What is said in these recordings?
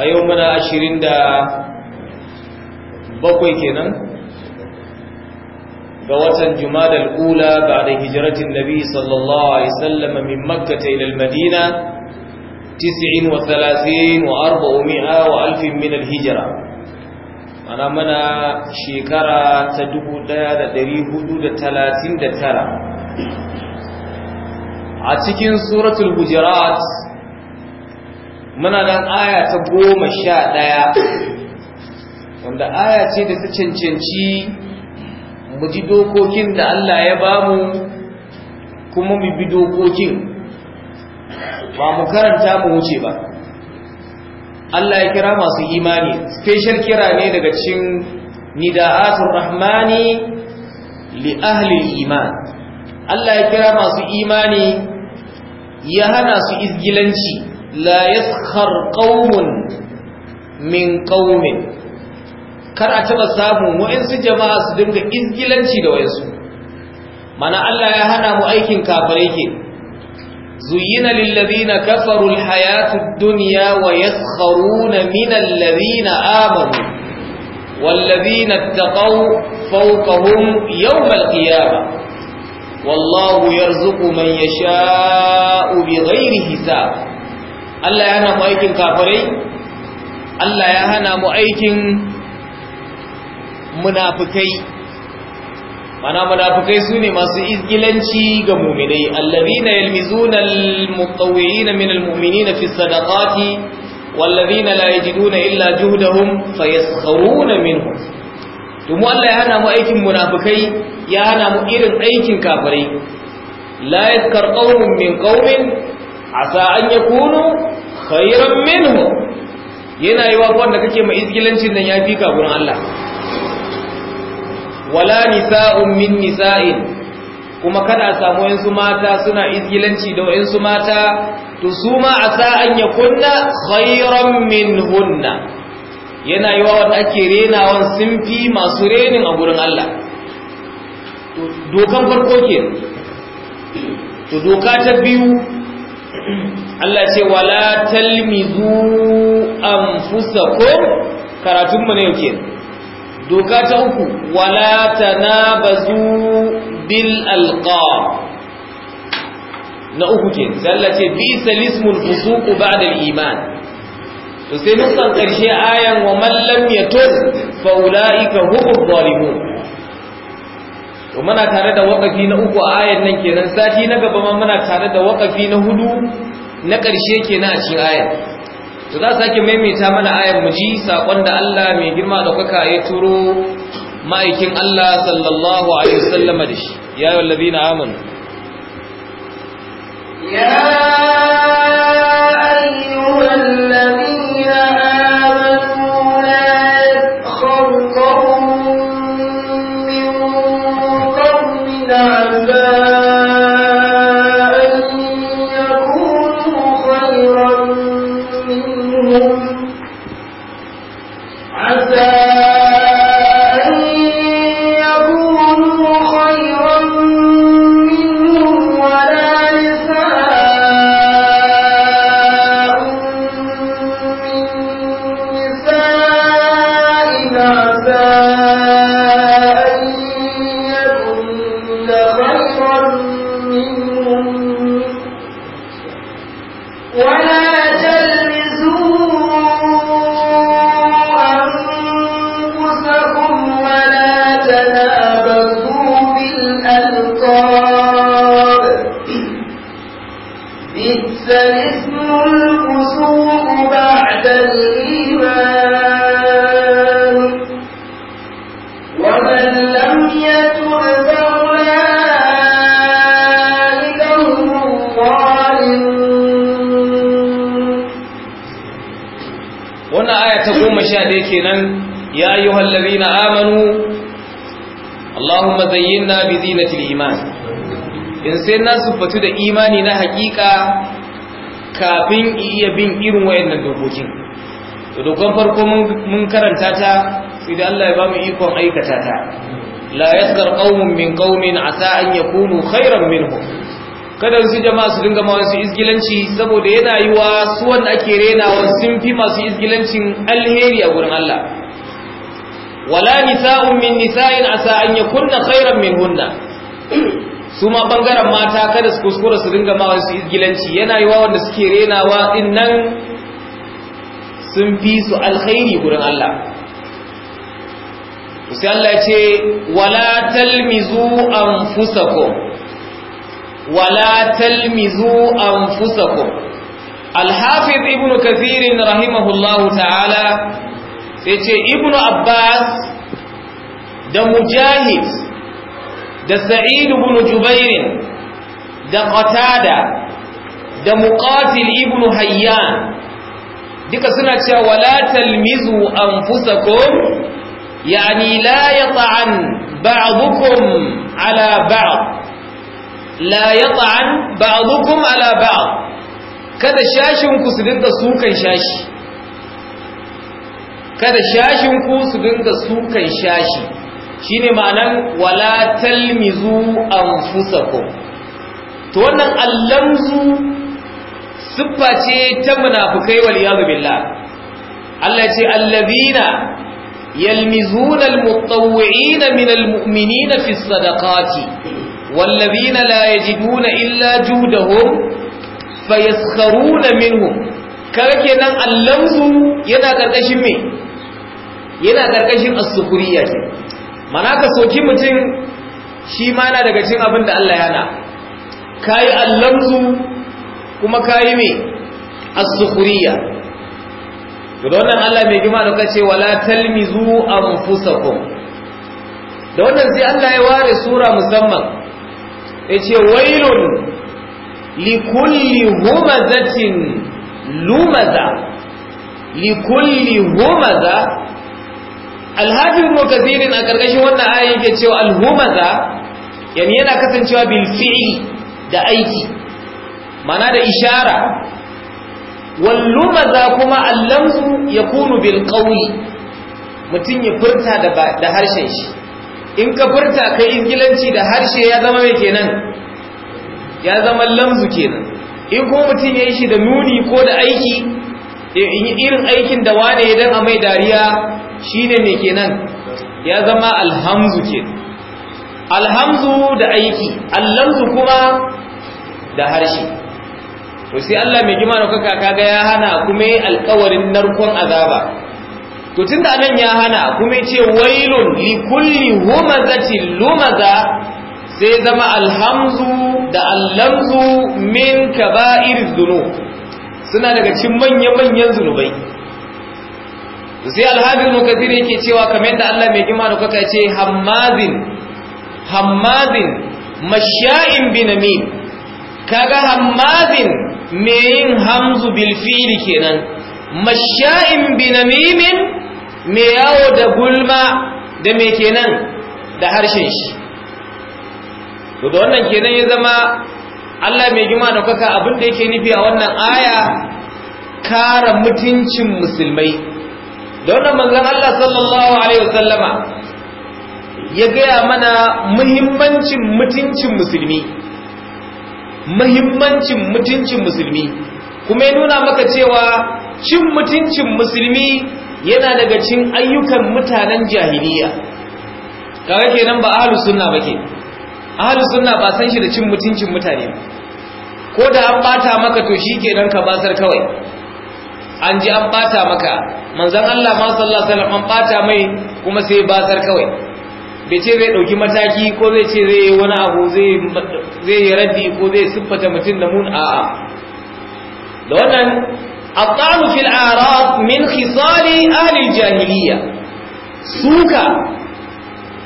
a yau muna ashirin da bakwai kenan ga watan jumadal ula ba da hijiratin nabi sallallahu alaihi wasallam min makka ta ila madina 39 wa 400 wa alfin min alhijra mana mana shekara ta 1439 a cikin suratul hujurat muna nan aya ta goma sha ɗaya wanda aya ce da ta cancanci mu ji dokokin da Allah ya bamu kuma mu bi dokokin ba mu karanta mu wuce ba Allah ya kira masu imani special kira ne daga cin nida'atul rahmani li ahli iman Allah ya kira masu imani ya hana su izgilanci la yaskhar qaumun min ƙaunin. kar a taɓa samu wainsu jama'a su dinga izgilanci da wa'insu. mana Allah ya hana mu aikin kafirai ke zuyina lil ladina kafaru al dunya wa yaskharuna min al ladina amanu wal ladina taqaw fawqahum yawm al qiyamah wallahu yarzuqu man yasha'u bighayri hisa. Allah ya hana mu aikin kafirai Allah ya hana mu aikin munafikai mana munafikai sune masu izgilanci ga mu'minai allazina yalmizuna almutawwi'ina min almu'minina fi sadaqati wallazina la yajiduna illa juhdahum fayaskharuna minhum domin Allah ya hana mu aikin munafikai ya hana mu irin aikin kafirai la yaskar qaumun min qaumin asa an kunu khairan minhu yana yi wa wanda kake mai izgilancin nan ya fi ka gurin Allah wala nisa'un min nisa'in kuma kada a samu yansu mata suna izgilanci da su mata to su ma asa an kunna khairan minhunna yana yi wa ake renawan sun fi masu renin a gurin Allah dokan farko ke to doka ta biyu Allah ce wala talmizu anfusakum karatun mu ne yake doka ta uku wala tanabazu bil alqa na uku ke Allah ce bi salismul fusuq ba'da al iman to sai san karshe ayan wa man lam yatub fa ulaika humud zalimun to muna tare da wakafi na uku a ayan nan kenan sati na gaba ma muna tare da wakafi na hudu na ƙarshe kenan a cikin ayar to za su sake maimaita mana ayar mu ji saƙon da Allah mai girma da kuka ya turo ma'aikin Allah sallallahu alaihi Wasallama da shi ya wallabi na amanu ya sai na fatu da imani na hakika kafin iya bin irin wayannan dokokin to dokon farko mun karanta ta sai da Allah ya ba ikon aikata ta la yasgar qaumun min qaumin asa an yakunu khairan minhum kada su jama'a su dinga ma wasu izgilanci saboda yana yiwa su wanda ake renawa sun fi masu izgilancin alheri a gurin Allah wala nisa'un min nisa'in asa an yakunna khairan minhunna su ma bangaren mata kada su kuskura su dinga ma wasu gilanci, yana yi wa wanda suke renawa din nan sun fi su alkhairi gurin Allah sai Allah ce wala talmizu anfusakum wala talmizu anfusakum al-hafiz ibnu kathir rahimahullahu ta'ala sai ce ibnu abbas da mujahid da Sa'idu ibn Jubairin, da qatada da muqatil ibn hayyan duka suna cewa wala talmizu an anfusakum yani la yata'an ba'dukum ala ba'd la yata'an ala ba'd kada shashinku ku su dinga sukan shashi kada shashin su dinga sukan shashi shine ma'anan wala talmizu anfusakum to wannan allamzu siffa ce ta munafukai wal iyad billah Allah ce allazina yalmizuna almutawwi'ina min almu'minina fi sadaqati wallazina la yajiduna illa judahum fayaskharuna minhum kaga nan allamzu yana karkashin me yana karkashin as-sufuriyya mana ka soki mutum shi mana daga cin abin da Allah yana ka yi allamzu kuma ka yi mai asukuriya da wannan Allah mai gima da kace wala talmizu anfusakum da wannan sai Allah ya ware sura musamman yace wailun likulli humazatin lumaza likulli humaza alhafi ibn kathir a karkashin wannan ayan yake cewa alhumaza yani yana kasancewa bil fi'li da aiki mana da ishara Wallumaza lumaza kuma allamzu yakunu bil qawli mutun ya furta da harshen shi in ka furta kai ingilanci da harshe ya zama me kenan ya zama lamzu kenan in ko mutun ya shi da nuni ko da aiki irin aikin da wane idan a mai dariya Shi shine me kenan ya zama alhamzu ke alhamzu da aiki allamzu kuma da harshe to sai Allah mai gima kaka kaga ya hana kuma alƙawarin narkon azaba to tunda nan ya hana kuma ce wailun li kulli humazatin lumaza sai zama alhamzu da allamzu min kaba'ir dhunub suna daga cikin manya-manyan zunubai sai alhabi ibn kathir yake cewa kamar da Allah mai girma da kuka ce hammazin hammazin masha'in binamin kaga hammazin mai yin hamzu bil fi'li kenan masha'in min mai yawo da gulma da mai kenan da harshen shi to da wannan kenan ya zama Allah mai girma da kuka abin da yake nufi a wannan aya kara mutuncin musulmai da wannan manzon Allah sallallahu alaihi wasallama ya gaya mana muhimmancin mutuncin musulmi muhimmancin mutuncin musulmi kuma ya nuna maka cewa cin mutuncin musulmi yana daga cin ayyukan mutanen jahiliya kaga kenan ba ahlus sunna bake ahlus sunna ba san shi da cin mutuncin mutane ko da an bata maka to shikenan ka basar kawai an ji an bata maka manzon Allah ma sallallahu alaihi wasallam an bata mai kuma sai basar kawai bai ce zai dauki mataki ko zai ce zai yi wani abu zai zai yi raddi ko zai siffata mutum da mun a'a da wannan aqalu fil الأعراض min khisali ahli jahiliya, suka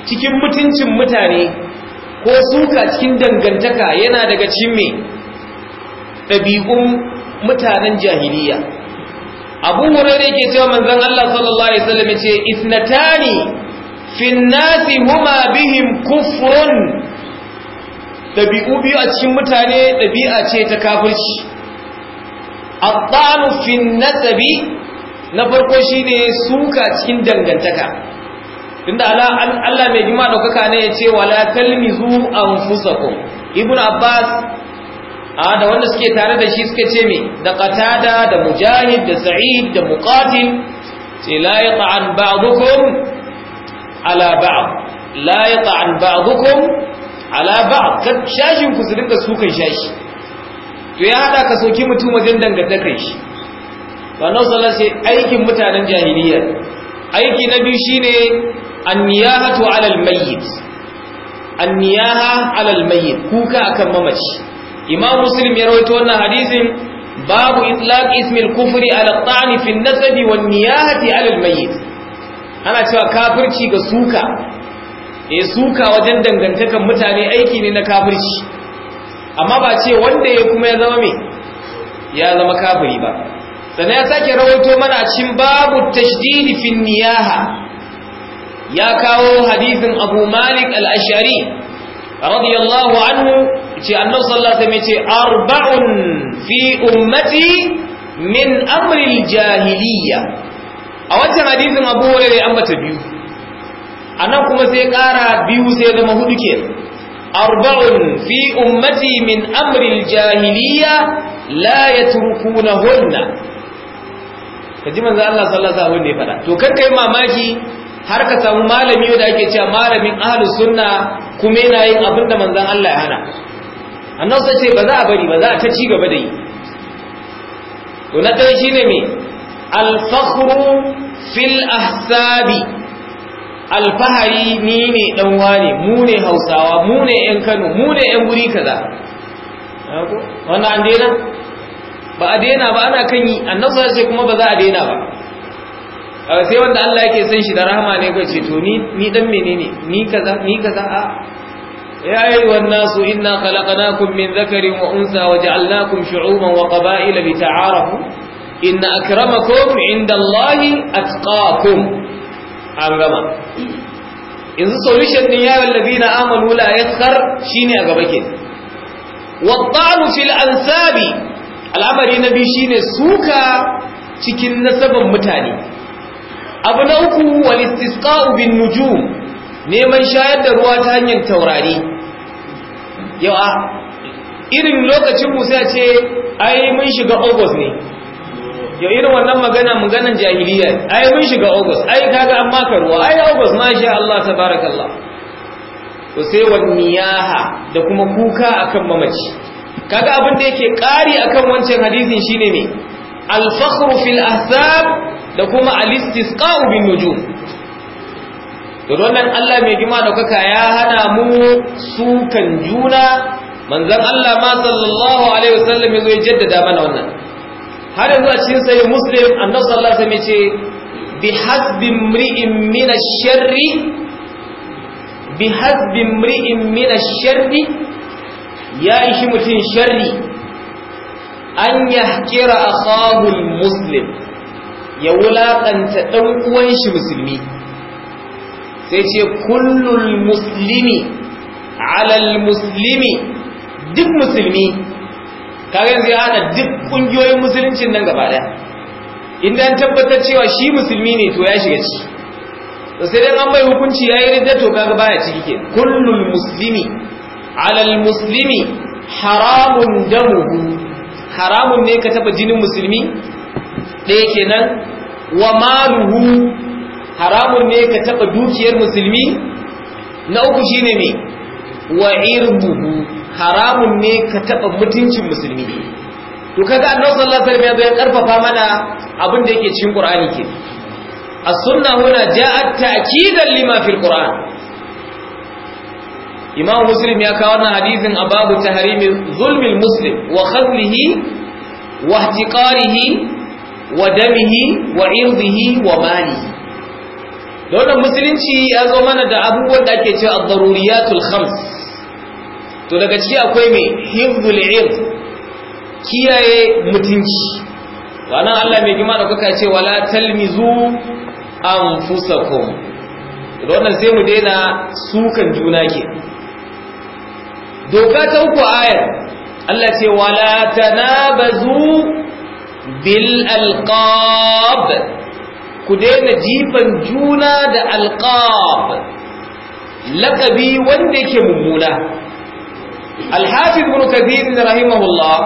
cikin mutuncin mutane ko suka cikin dangantaka yana daga cikin me ɗabi'un mutanen jahiliya abu hurairu ke cewa manzon Allah sallallahu alaihi wasallam ce isnatani fin nasi huma bihim kufrun dabi'u biyu a cikin mutane dabi'a ce ta kafirci at-ta'nu fin nasabi na farko shine suka cikin dangantaka tunda Allah mai girma ɗaukaka ne ya ce wala talmizu anfusakum ibnu abbas a da wanda suke tare da shi suka ce mai da katada da mujahid da sa'id da muqatil ce la an ba'dukum ala ba'd la an ba'dukum ala ba'd shashin ku su dinka sukan shashi to ya haɗa ka soki mutum wajen dangantakan shi wannan sallah ce aikin mutanen jahiliya aiki na biyu shine anniyahatu alal mayyit anniyaha alal mayyit kuka akan mamaci imam muslim ya rawaito wannan hadisin babu itlaq ismil kufri ala ta'ni fi wa wan niyahati ala al mayyit ana cewa kafirci ga suka eh suka wajen dangantakan mutane aiki ne na kafirci amma ba ce wanda ya kuma ya zama me ya zama kafiri ba sannan ya sake rawaito mana cin babu tashdidi fi niyaha ya kawo hadisin abu malik al-ashari radiyallahu anhu ce annabi sallallahu alaihi ce arba'un fi ummati min amri jahiliya a wancan hadisin Abu Hurairah ya ambata biyu anan kuma sai ƙara biyu sai zama hudu kenan arba'un fi ummati min amri jahiliya la yatrukunahunna ka ji manzo Allah sallallahu alaihi wasallam ne fada to kar kai mamaki har ka samu malami da ake cewa malamin ahlus sunna kuma yana yin abinda da manzon Allah ya hana annan sai ce ba za a bari ba za a ta ci gaba da yi to na ɗaya shi ne mai alfahru fil ahsabi alfahari ni ne ɗan wane mu ne hausawa mu ne ‘yan kano mu ne ‘yan guri kaza wannan an daina ba a daina ba ana kan yi annan sai ce kuma ba za a daina ba sai wanda Allah yake san shi da rahama ne kai ce to ni dan menene ni kaza ni kaza a ya yi wannasu ina kalakana kummin zakari wa unsa wa ja'alna kum shu'uban wa ƙaba'ila bi ta'arafu ina a kirama kofi inda Allah a tsakakun an gama yanzu solution ɗin yawon labi na amalu la ya tsar shi a gaba ke waɗanu fil an al'amari na biyu shine suka cikin nasabar mutane abu na uku walistisƙa'u bin nujum neman shayar da ruwa ta hanyar taurari yau irin lokacin musa ce ai mun shiga august ne yau irin wannan magana maganan jahiliya ai mun shiga august ai kaga an maka ruwa ai august masha Allah tabarakallah to sai wa niyaha da kuma kuka akan mamaci kaga abin da yake kari akan wancan hadisin shine me al-fakhru fil ahsab da kuma al-istisqa bin nujum to wannan Allah mai girma daukaka ya hana mu sukan juna manzon Allah ma sallallahu alaihi wasallam ya ya jaddada mana wannan har yanzu a cikin sahih muslim annabi sallallahu alaihi wasallam ya ce bi hasbi imri'in min ash-sharri bi hasbi imri'in min ash-sharri ya ishi mutun sharri an yahkira akahu muslim ya wulakanta dan uwan shi musulmi sai ce kullul muslimi alal muslimi duk musulmi kare yanzu ya hada duk kungiyoyin musuluncin nan gaba Inda idan tabbatar cewa shi musulmi ne to ya shiga ci sai dan an bai hukunci yayi ridda to kaga baya ciki ke kullul muslimi alal muslimi haramun damuhu haramun ne ka taba jinin musulmi ɗaya kenan wa maluhu haramun ne ka taɓa dukiyar musulmi na uku shine ne wa irbuhu haramun ne ka taɓa mutuncin musulmi to kaga annabi sallallahu alaihi wasallam ya karfafa mana abin da yake cikin qur'ani ke as-sunna huna ja'at ta'kidan lima fil qur'an imam muslim ya kawo wannan hadisin a babu tahrimi zulmil muslim wa khazlihi wa ihtiqarihi wa damihi wa irdihi wa malihi da wannan musulunci ya zo mana da abubuwan da ake cewa ad-daruriyatul khams to daga ciki akwai mai hibdul ilm kiyaye mutunci wannan Allah mai gima da kuka ce wala talmizu anfusakum da wannan sai mu daina sukan juna ke doka ta uku ayar Allah ce wala tanabazu bil alqab ku daina jifan juna da alqab laqabi wanda yake mummuna alhafiz ibn kathir rahimahullah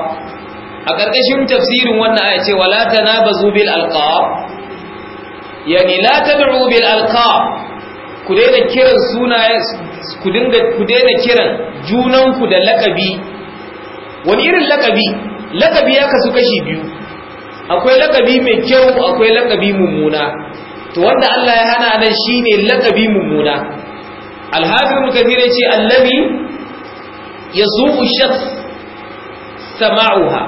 a ƙarƙashin tafsirin wannan aya ce wala tanabazu bil alqab yani la tad'u bil alqab ku daina kiran sunaye ku dinga ku daina kiran junanku da laqabi wani irin lakabi? Lakabi ya kasu kashi biyu akwai lakabi mai kyau akwai lakabi mummuna to wanda Allah ya hana nan shine lakabi mummuna alhafiz kathir yace allazi yasu'u shakhs sama'uha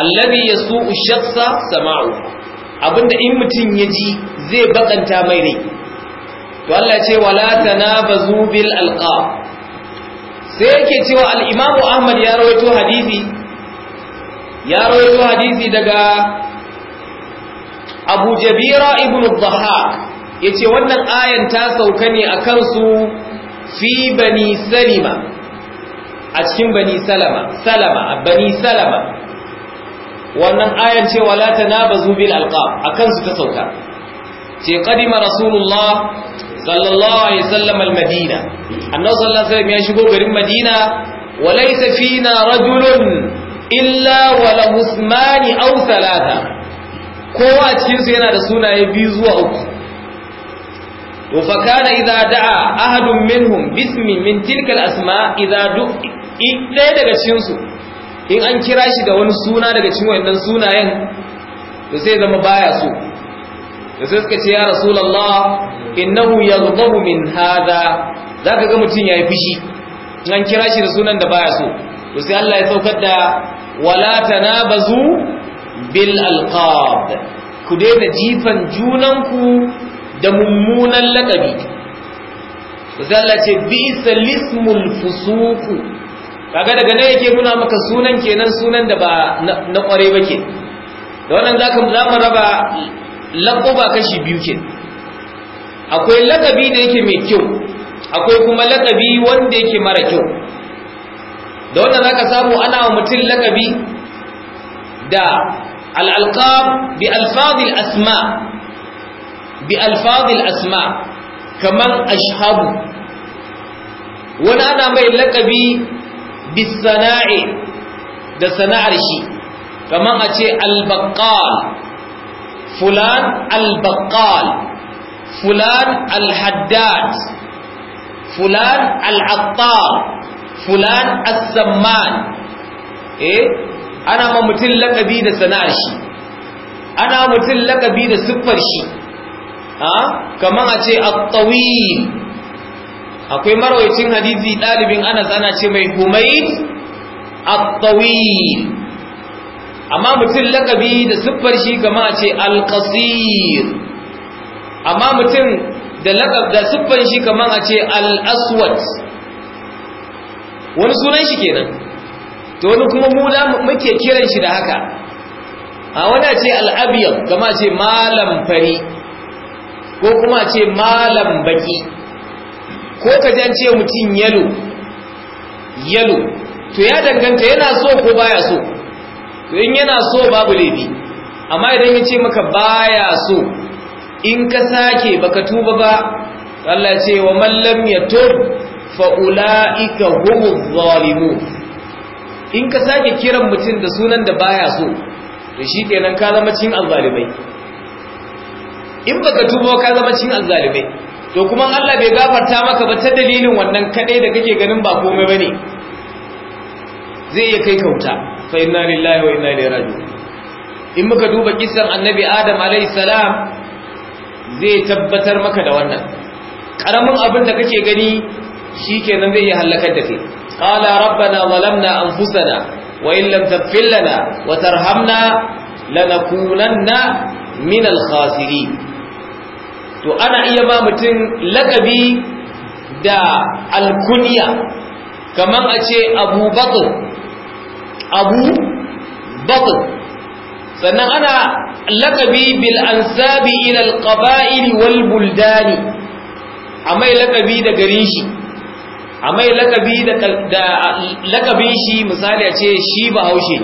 allazi yasu'u shakhsa sama'uha abinda in mutun yaji zai bakanta mai rai to Allah ce wala tanabazu bil alqab sai yake cewa al-imamu ahmad ya rawaito hadisi ya rawaito hadisi daga Abu Jabira ibn Dhahak yace wannan ayan ta sauka ne akan su fi bani Salima a cikin bani Salama Salama bani Salama wannan ayan ce wala tanabazu bil alqab akan su ta sauka ce kadima rasulullah sallallahu alaihi wasallam al madina annabi sallallahu alaihi wasallam ya shigo garin madina wa laysa fina rajulun illa wala husmani aw salata kowa a cikin su yana da sunaye biyu zuwa uku to fa kana idza da'a ahadun minhum bismi min tilka al-asma idza daga cikin su in an kira shi da wani suna daga cikin wannan sunayen to sai zama baya so da sai suka ce ya rasulullah innahu yaghdabu min hadha zaka ga mutun yayi fushi. in an kira shi da sunan da baya so to sai Allah ya saukar da wala tanabazu bil alqab ku daina jifan junanku da mummunan lakabi to sai Allah ce bi salismul fusuku kaga daga nan yake muna maka sunan kenan sunan da ba na kware ke? da wannan zaka za mu raba ba kashi biyu ke akwai lakabi da yake mai kyau akwai kuma lakabi wanda yake mara kyau da wannan zaka samu ana wa mutum lakabi da al-alqab bi alfazil asma bi alfazil asma kaman ashhabu wani ana mai lakabi bis sana'i da sana'ar shi kaman a ce al-baqqal fulan al-baqqal fulan al-haddad fulan al-attar fulan asamman, eh ana ma mutum lakabi da sana'ar shi ana mutum lakabi da siffar shi ha kaman a ce at-tawil akwai marwayacin hadisi dalibin ana zana ce mai Humayd at-tawil amma mutum lakabi da siffar shi kaman a ce al-qasir amma mutum da lakab da siffar shi kaman a ce al-aswad wani sunan shi kenan to wani kuma mu muke kiran shi da haka a wani ce al'abiyan kama ce malam fari ko kuma ce malam baki ko ka ce mutum yalo yalo to ya danganta yana so ko baya so to in yana so babu laifi amma idan ya ce maka baya so in ka sake baka tuba ba Allah ce wa mallam ya tub fa'ula'ika humu zalimu in ka sake kiran mutum da sunan da baya so da shi kenan ka zama cin alzalimai in baka tubo ka zama cin alzalimai to kuma Allah bai gafarta maka ba ta dalilin wannan kadai da kake ganin ba komai bane zai iya kai kauta fa inna lillahi wa inna ilaihi raji'un in muka duba kisan annabi adam alayhi salam zai tabbatar maka da wannan karamin abin da kake gani Shi kenan zai iya halakar da kai qala rabbana zalamna anfusana wa in lam taghfir lana wa tarhamna lanakunanna min al to ana iya ba mutum lakabi da alkunya kaman a ce abu batun abu batun sannan ana lakabi bil ansabi ila al-qaba'il wal buldani amai lakabi da garin shi a mai lakabi da lakabin shi misali a ce shi bahaushe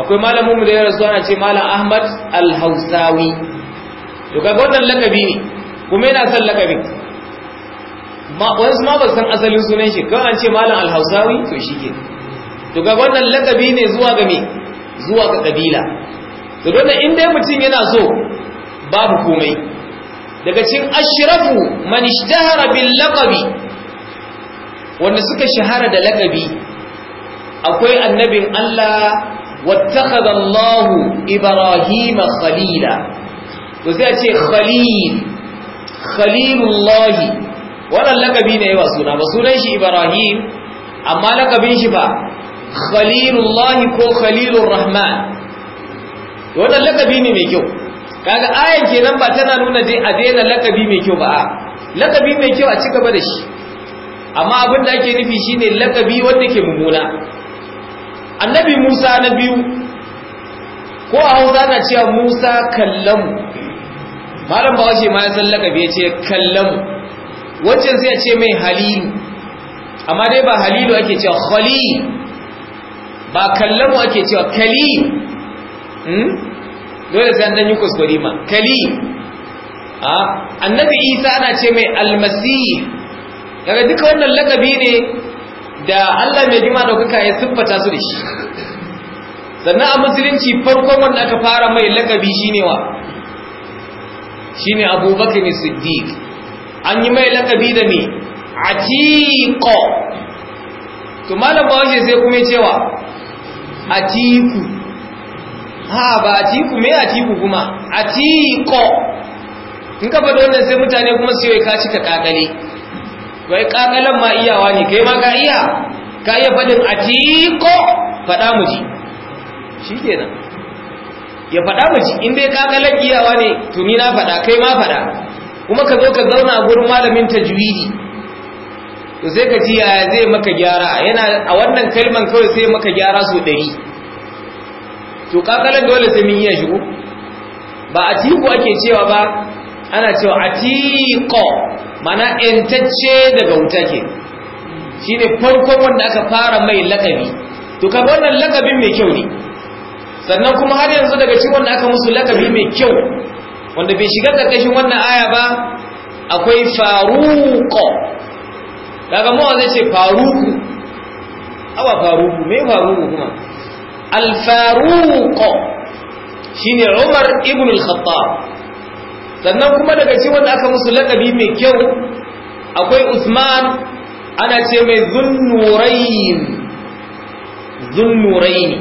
akwai malamin mu da ya rasu ana ce malam ahmad AlHausawi. to kaga wannan lakabi ne kuma yana son lakabin wasu ma ba san asalin sunan shi kan an ce malam AlHausawi, to shi ke to kaga wannan lakabi ne zuwa ga me zuwa ga kabila to don in dai mutum yana so babu komai daga cikin ashrafu man ishtahara bil laqabi wanda suka shahara da lakabi akwai annabin Allah wattakhadha Allahu Ibrahima khalila to sai a ce khalil khalilullahi wannan lakabi ne ba suna ba sunan shi Ibrahim amma lakabin shi ba khalilullahi ko khalilur rahman wannan lakabi ne mai kyau kaga ayan kenan ba tana nuna dai a daina lakabi mai kyau ba lakabi mai kyau a ci gaba da shi amma abin da ake nufi shine lakabi wanda ke mummuna annabi musa na biyu ko a hausa na cewa musa kallamu malam ba wace ma ya san lakabi ya ce kallamu wancan sai ya ce mai halilu amma dai ba halilu ake cewa khali ba kallamu ake cewa kali hmm? dole sai an dan yi kuskure ma kali ah, annabi isa ana ce mai almasih daga duka wannan lakabi ne da Allah mai jima daukaka ya siffata su da shi sannan a musulunci farkon wanda aka fara mai lakabi shine wa shine abubakar siddiq an yi mai lakabi da a tiko to malam bawashi sai kuma cewa atiku ha ba atiku me atiku kuma tiko in ka faɗi wannan sai mutane kuma su yi kashi ka kakale wai kakalan ma iyawa ne kai ma ka iya ka iya faɗin a tiko faɗa mu ji shi nan ya faɗa mu ji in dai kakalan iyawa ne to ni na faɗa kai ma faɗa kuma ka zo ka zauna a gurin malamin ta tajwidi to sai ka ji yaya zai maka gyara yana a wannan kalman kawai sai maka gyara su ɗari to kakalan dole sai mun iya shigo ba a tiku ake cewa ba ana cewa a tiko mana ‘yantacce daga wuta ke shi ne wanda aka fara mai lakabi to kaga wannan lakabin mai kyau ne sannan kuma har yanzu daga cikin wanda aka musu lakabi mai kyau wanda bai shiga ƙarƙashin wannan aya ba akwai faruko daga mawa zai ce faruku awa faruku mai faruku kuma alfaruko shi ne umar ibn al-khattab sannan kuma daga ci wanda aka musu lakabi mai kyau akwai usman ana ce mai zunnurayin zunnurayin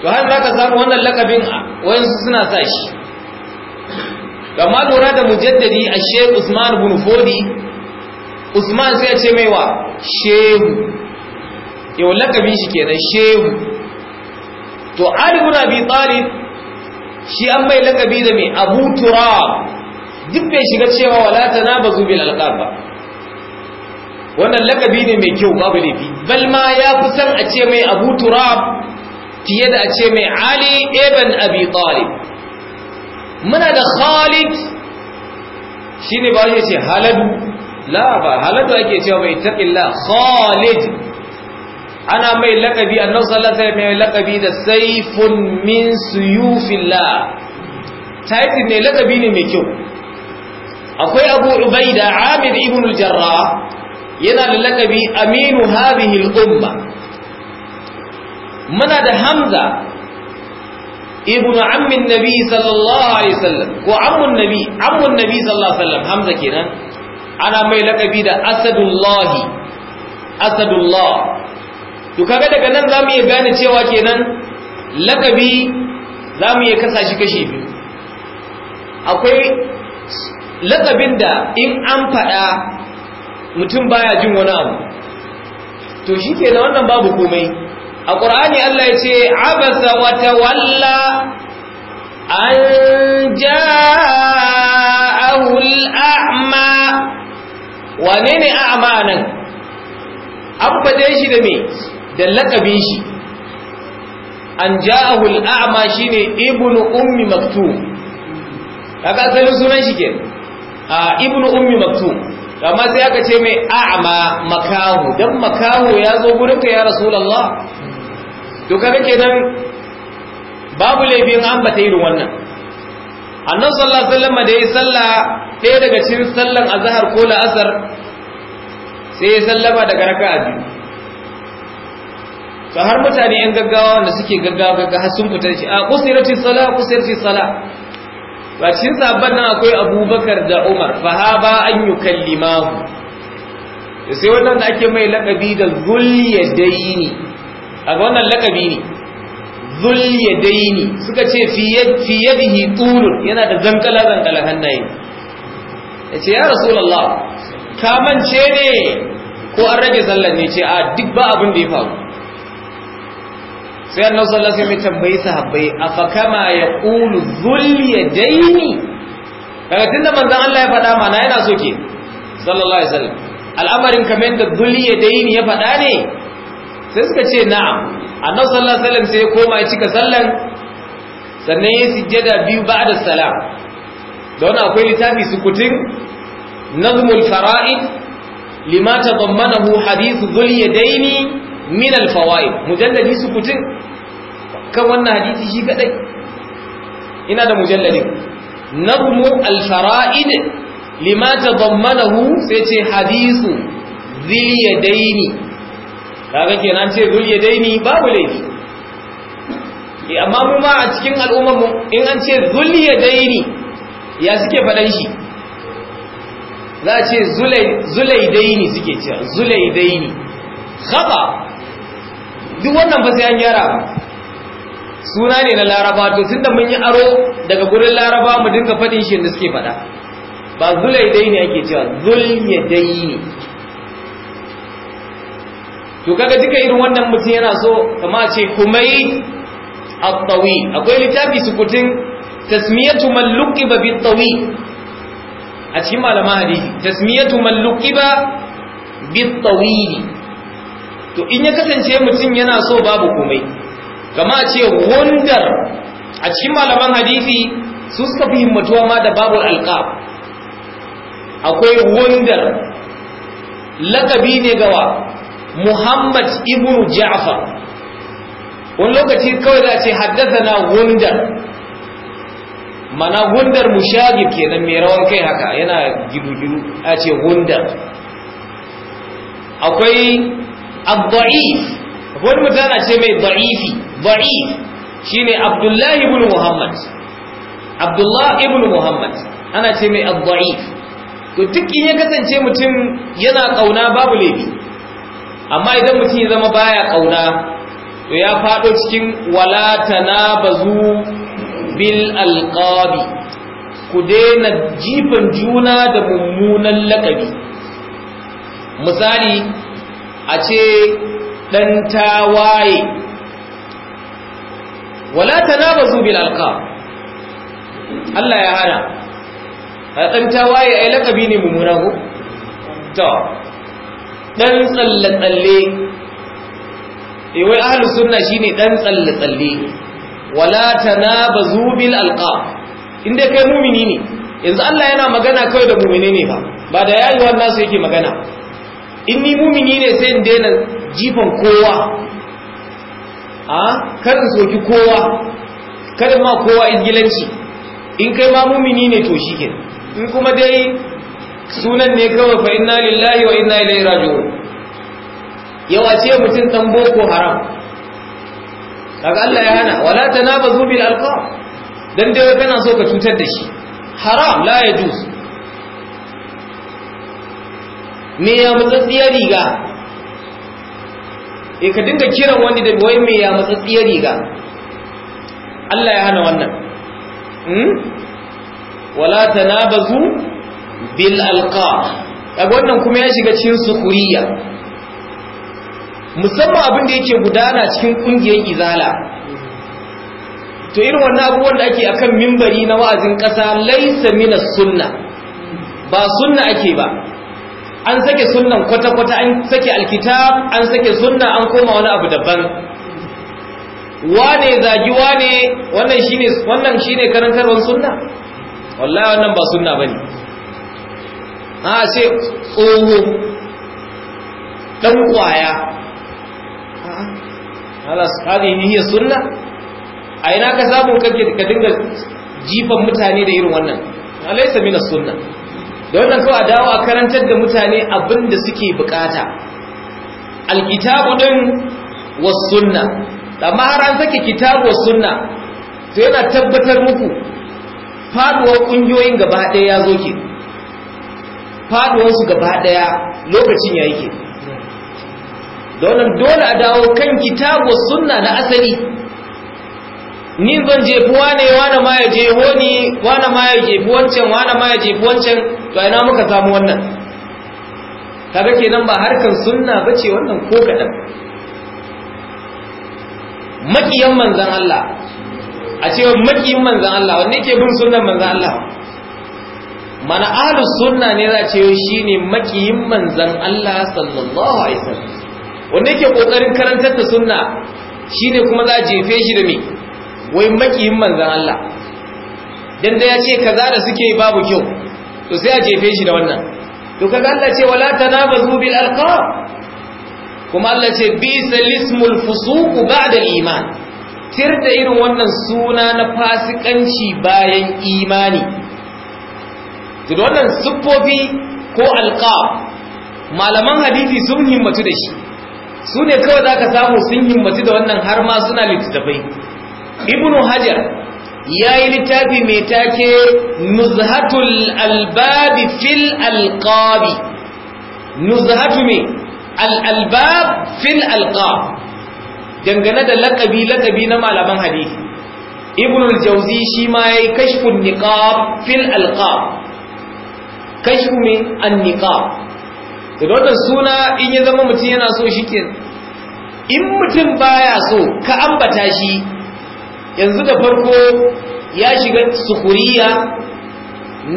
to har za ka samu wannan laƙabin wayansu suna sa shi amma lura da mujaddadi a shehu usman bin fodi usman sai ya ce mai wa shehu yau laƙabin shi kenan shehu to ali bin abi talib shi an mai lakabi da mai abu turab duk bai shiga cewa wala ta na bazu bil ba wannan lakabi ne mai kyau babu laifi bal ma ya fi san a ce mai abu turab fiye da a ce mai ali ibn abi talib muna da khalid shine ba ya ce haladu la ba haladu ake cewa mai taqilla khalid ana mai laƙabi annabi sallallahu alaihi mai laƙabi da saifun min suyufillah title ne laƙabi ne mai kyau akwai Abu Ubaida Amir ibn al-Jarrah yana da laƙabi aminu hadhihi al-umma muna da Hamza ibn ammin nabi sallallahu alaihi wasallam ko ammun nabi ammun nabi sallallahu alaihi wasallam Hamza kenan ana mai laƙabi da Asadullahi Asadullah to kaga daga nan zamu iya gane cewa kenan lakabi zamu iya kasa shi kashi biyu akwai lakabin da in an faɗa mutum baya jin wani abu to shi da wannan babu komai a ƙur'ani Allah ya ce abasa wa tawalla an ja'ahu al'a'ma wane ne a'ma nan an faɗe shi da me da laƙabin shi an ja'ahu al'ama shine ibnu ummi maktum kaga asalin sunan shi ke a ibnu ummi maktum amma sai aka ce mai a'ma makahu dan makahu ya zo gurin ka ya rasulullah to kaga kenan babu laifin an bata irin wannan annabi sallallahu alaihi wasallam da ya salla ɗaya daga cikin sallan azhar ko la'asar sai ya sallama daga raka'a biyu ba har mutane yan gaggawa wanda suke gaggawa ga har sun fita shi a kusirati sala kusirati sala ba cikin sabban nan akwai abubakar da umar ha fahaba an yukallimahu sai wannan da ake mai lakabi da zulyadaini a wannan lakabi ne suka ce fi yadihi tulun yana da zankala zankala hannaye yace ya rasulullah ka mance ne ko an rage sallar ne ce a duk ba abin da ya faru sai annabi sallallahu alaihi wasallam ya tambayi sahabbai afa kama yaqulu dhul yadaini kaga da manzon Allah ya faɗa mana yana so ke sallallahu alaihi sallam. al'amarin kamar yadda da dhul yadaini ya faɗa ne sai suka ce na'am A sallallahu alaihi wasallam sai ya koma ya cika sallan sannan ya sijjada biyu da salam da wani akwai littafi sukutin nazmul fara'id lima tadammanahu hadith dhul yadaini min alfawaid mujalladi su kutin kan wannan hadisi shi kadai ina da mujalladin nazmu alfara'id lima tadammanahu sai ce hadisu zil yadaini kaga kenan ce zil yadaini babu laifi e, amma mu ma a cikin al'ummar mu in an ce zul yadaini ya suke fadan shi za a ce zulai daini suke cewa zulai daini khata duk wannan ba sai an gyara ba suna ne na laraba to tun da mun yi aro daga gurin laraba mu dinga faɗin shi da suke faɗa ba zulai dai ne ake cewa ya dai ne to kaga duka irin wannan mutum yana so kama ce kumai a tawi akwai littafi kutin tasmiyatu man ba bi tawi a cikin malama hadisi tasmiyatu man ba bi tawi to in ya kasance mutum yana so babu komai kama ce wandar a cikin malaman hadisi su suka fi himmatuwa ma da babu alqab akwai wandar lakabi ne gawa muhammad ibnu ja'far wani lokaci kawai za a ce haddasa na wundar mana wundar mushagib kenan mai rawan kai haka yana gidu-gidu a ce wundar akwai الضعيف daif wani mutum ce mai da'ifi عبد الله abdullahi محمد muhammad abdullahi ابن muhammad ana ce mai ad to duk in ya kasance mutum yana kauna babu laifi amma idan mutum ya zama baya kauna to ya fado cikin wala tanabazu bil alqabi ku daina jifan juna da mummunan lakabi misali a ce ɗan tawaye wala ta na ba zubi Allah ya hana a ɗan tawaye a yi lakabi ne mummuna ko? to ɗan tsalle-tsalle iwai eh, ahalus shi ne ɗan tsalle-tsalle wala ta na ba zubi inda kai mumini ne yanzu Allah yana magana kawai da mumini ne ba ba da yayi wannan su yake magana in ni mumini ne sai in daina jifan kowa a kar in soki kowa kada ma kowa izgilanci in kai ma mumini ne to shike in kuma dai sunan ne kawai fa inna lillahi wa inna ilaihi raji'un yawa ce mutum dan boko haram kaga Allah ya hana wala tanabazu bil alqab dan dai kana so ka cutar da shi haram la yajuz me ya matsatsiya riga e ka dinga kiran wani da wai me ya matsatsiya riga Allah ya hana wannan hmm? wala tanabazu bil alqa kaga wannan kuma ya shiga cikin sukuriya musamman abin da yake gudana cikin kungiyar izala to irin wannan abubuwan da ake akan mimbari na wa'azin ƙasa laisa minas sunna ba sunna ake ba an sake sunnan kwata-kwata an sake alkitab an sake sunna an koma wani abu daban wane zagi wane wannan shine wannan shine karantarwar sunna wallahi wannan ba sunna bane a ce tsoho dan kwaya halas hadi ni hiya sunna a ina ka samu kake ka dinga jifan mutane da irin wannan alaysa minas sunnah da wannan kawai a dawo a karantar da mutane abin da suke bukata alkitabu din was sunna amma har an sake kitabu was sunna to yana tabbatar muku faduwar kungiyoyin gaba ɗaya ya zo ke faduwar su gaba ɗaya lokacin ya ke da wannan dole a dawo kan kitabu was sunna na asali ni zan jefi wane wane ma ya jefo ni wane ma ya jefi wancan wane ma ya jefi wancan to ina muka samu wannan kaga kenan ba harkar sunna bace wannan ko kadan makiyan manzan Allah a cewa makiyin manzan Allah wanda yake bin sunnan manzan Allah mana ahlus sunna ne za a ce ne makiyin manzan Allah sallallahu alaihi wasallam wanda yake kokarin karantar da sunna shine kuma za a jefe shi da me wai makiyin manzan Allah dan da ya ce kaza da suke babu kyau to sai a jefe shi da wannan to kaza Allah ce wala tanabazu bil alqab kuma Allah ce bisa salismul fusuq ba'da iman tir da irin wannan suna na fasikanci bayan imani to da wannan siffofi ko alqab malaman hadisi sun himmatu da shi su ne kawai zaka samu sun himmatu da wannan har ma suna littattafai ibnu hajar ya yi littafi mai take nuzhatul albabi fil alqabi nuzhatu mai al'albab fil alqab dangane da lakabi lakabi na malaman hadisi ibnul jauzi shi ma ya yi kashfun niqab fil alqab kashfu me an niqab da wannan suna in ya zama mutum yana so shi in mutum baya so ka ambata shi yanzu da farko ya shiga sukuriya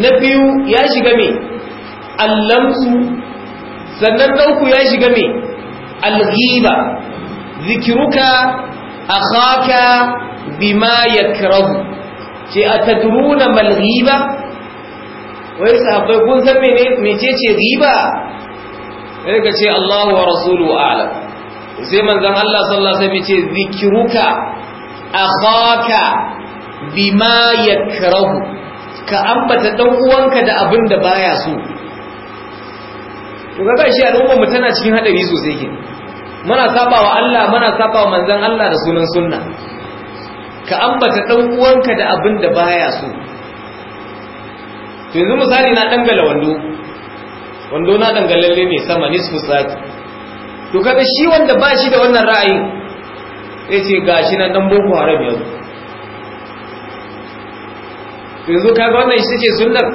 na biyu ya shiga mai allamsu sannan ɗauku ya shiga mai alghiba zikiruka akhaka bima ya yakrahu ce a mal ghiba wai sahabbai kun san mene ce riba sai ka ce Allahu wa rasuluhu a'lam sai manzon Allah sallallahu alaihi wasallam ce zikiruka akhaka bima yakrahu ka ambata dan uwanka da abin da baya so to kaga shi al'ummar mu tana cikin hadari sosai ke muna sabawa Allah muna sabawa manzon Allah da sunan sunna ka ambata dan uwanka da abin da baya so to yanzu misali na dangala wando wando na dangalalle ne sama nisfu sati to kaga shi wanda ba shi da wannan ra'ayin ya ce gashi nan dan boko haram yanzu yanzu kaga wannan shi ce sunnar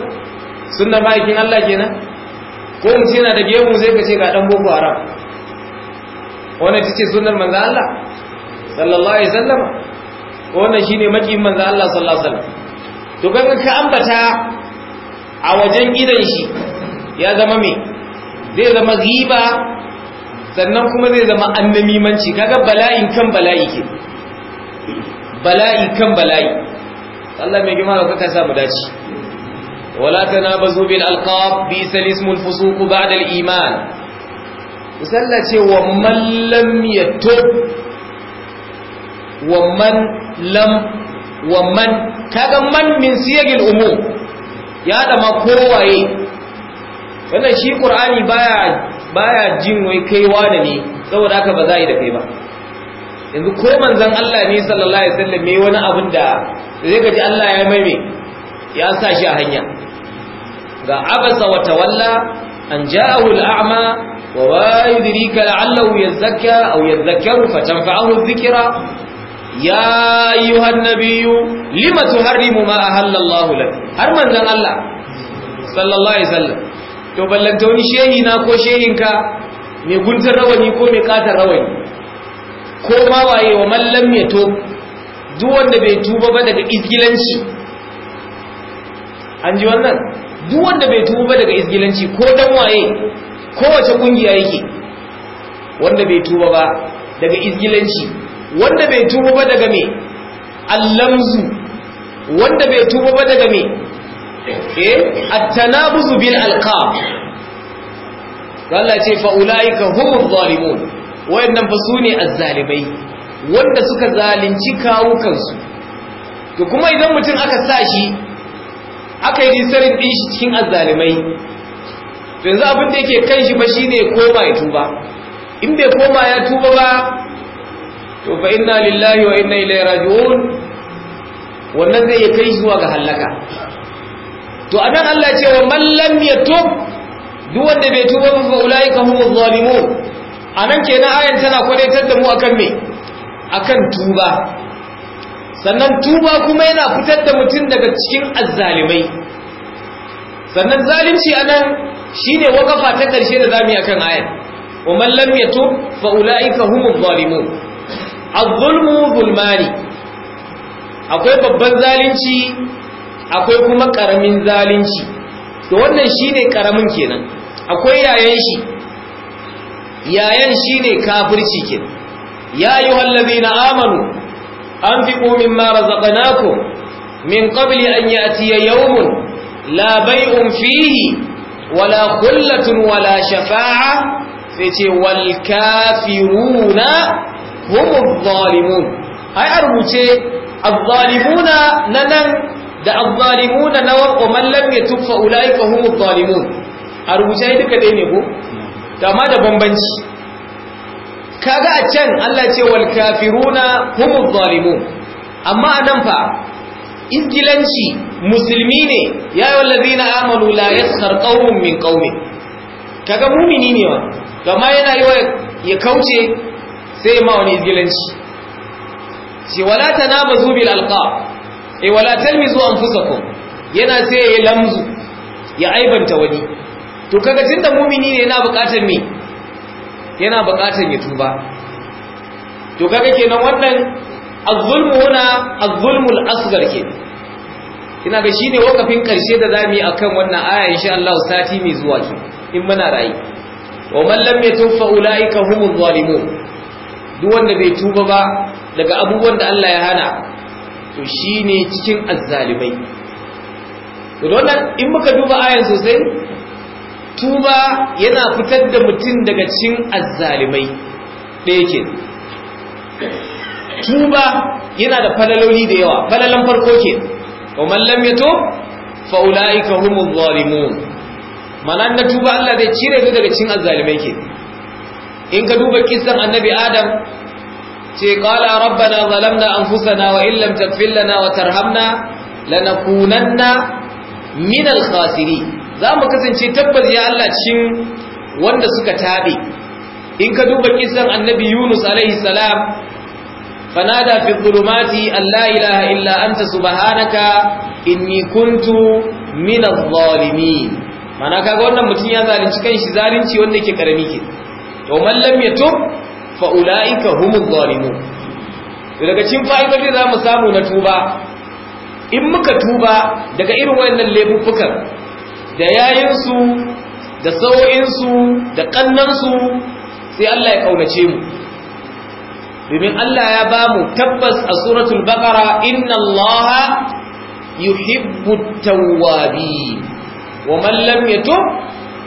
sunnar ma'aikin Allah kenan ko ce yana da gemu sai ka ce ga dan boko haram wannan shi ce sunnar manzo Allah sallallahu alaihi wasallam wannan ne makin manzo Allah sallallahu alaihi wasallam to kaga ka ambata a wajen gidan shi ya zama me zai zama riba sannan kuma zai zama annamimanci kaga bala'in kan bala'i ke bala'i kan bala'i Allah mai girma da kuka samu dace wala tanabazu bil alqab bi salismul fusuq ba'da al iman musallace wa man lam yatub wa man lam wa man kaga man min siyagil umum ya da ma kowaye wannan shi qur'ani baya baya jin wai kai wani ne saboda haka ba za yi da kai ba yanzu ko manzon Allah ne sallallahu alaihi wasallam me wani abin da zai gaji Allah ya mai mai ya sa shi a hanya ga abasa wa tawalla an ja'ahu al'ama wa wa yudrika la'allahu yazakka aw yadhakkaru fatanfa'ahu dhikra ya ayyuhan nabiyyu lima tuharrimu ma ahalla Allah lak har manzon Allah sallallahu alaihi wasallam to ballanta wani shehi na ko shehinka mai guntun rawani ko mai katar rawani ko ma waye wa mallan ya to duk wanda bai tuba ba daga izgilanci an ji wannan duk wanda bai tuba ba daga izgilanci ko dan waye wace kungiya yake wanda bai tuba ba daga izgilanci wanda bai tuba ba daga me allamzu wanda bai tuba ba daga me التنابز at قال الله alqab Allah ce fa ulaika humuz azzalimai wanda suka zalunci kawukansu to kuma idan mutum aka sa shi aka yi risarin din shi cikin azzalimai to yanzu abin da yake kan shi ba shine koma ya tuba in bai koma ya tuba ba to fa inna lillahi wa inna ilaihi raji'un wannan zai kai shi zuwa ga halaka to a nan Allah ce wa man duk wanda bai tuba ba fa zalimu A nan ke na ayan tana kwadaitar da mu akan me akan tuba sannan tuba kuma yana fitar da mutum daga cikin azzalimai sannan zalunci anan shine wakafa ta karshe da zamu yi akan ayan wa mallam ya tub fa ka humuz zalimu az-zulmu zulmani akwai babban zalunci akwai kuma karamin zalunci to wannan shine karamin kenan akwai yayan shi yayan shine kafirci kenan ya ayyuhal ladina amanu anfiqu mimma razaqnakum min qabli an ya'tiya yawmun la bay'un fihi wala khullatun wala shafa'a sai wal kafiruna humuz zalimun ai a rubuce az-zalimuna da azzalimuna na wa man lam yatub fa ulaika humuz zalimun a rubuce duka dai ne ko to amma da bambanci kaga a can Allah ce wal kafiruna humuz zalimun amma anan fa izgilanci musulmi ne ya yi wallazina amanu la yaskhar qaumun min qaumin kaga mumini ne wa kama yana yi ya kauce sai ma wani izgilanci ce wala tanabazu bil alqab eh wala talmizu anfusakum yana sai ya lamzu ya aibanta wani to kaga tunda mumini ne yana bukatar me yana bukatar ya tuba to kaga kenan wannan az-zulmu huna az-zulmu al-asghar kenan Ina ga shine wakafin karshe da zamu yi akan wannan aya insha Allah sati mai zuwa ki in muna rayu. wa man lam yatub fa ulaika humu zalimun duk wanda bai tuba ba daga abubuwan da Allah ya hana to shi ne cikin azzalibai to nan in muka duba ayan sosai tuba yana fitar da mutum daga cikin azzalibai da yake tuba yana da falaloli da yawa falalan farko ke wa mallam ya to zalimun da tuba Allah zai cire su daga cikin azzalibai ke in ka duba kissan annabi adam ce qala rabbana zalamna anfusana wa illam taghfir lana wa tarhamna lanakunanna min al-khasirin zamu kasance tabbas ya Allah cikin wanda suka tabe in ka duba kisan annabi Yunus alaihi salam fanada fi dhulumati alla ilaha illa anta subhanaka inni kuntu min adh-dhalimin mana kaga wannan mutun ya zalunci kanshi zalunci wanda yake karami ke to mallam ya yatub fa ulaika humuz daga cikin fa'idodin da zamu samu na tuba in muka tuba daga irin wayannan laifuffukan da yayinsu da sau'insu da su sai Allah ya ƙaunace mu domin Allah ya ba mu tabbas a suratul baqara inna Allah yuhibbut tawwabi wa man lam yatub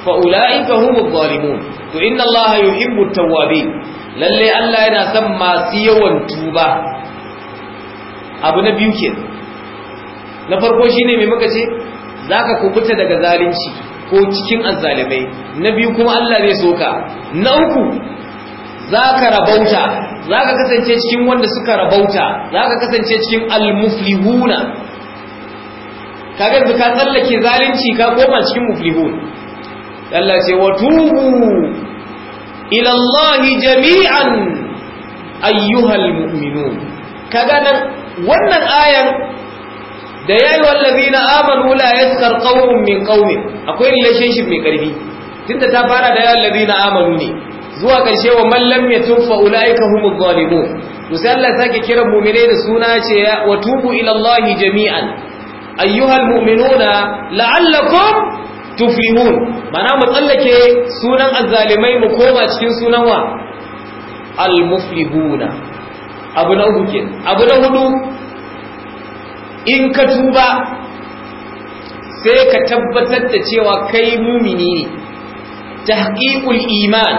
fa ulaika humuz zalimun to inna Allah yuhibbut tawwabin lalle Allah yana son masu yawan tuba abu na biyu ke na farko shine mai muka ce zaka kubuta daga zalunci ko cikin azzalimai na biyu kuma Allah zai soka na uku zaka rabauta zaka kasance cikin wanda suka rabauta zaka kasance cikin almuflihuna kaga yanzu ka tsallake zalunci ka koma cikin muflihun Allah ce wa tubu ila Allah jami'an ayyuhal mu'minun kaga nan wannan ayar da yayi wallazina amanu la yaskar qaumun min qaumin akwai relationship mai karfi tunda ta fara da yayi wallazina amanu ne zuwa karshe wa man lam yatub fa ulaika humuz zalimun to sai Allah sake kira mu'minai da suna ce wa tubu ila Allah jami'an ayyuhal mu'minuna la'allakum tuflihun mana mu tsallake sunan azzalimai mu koma cikin sunan wa almuflihuna abu na uku abu na hudu in ka tuba sai ka tabbatar da cewa kai mumini ne tahqiqul iman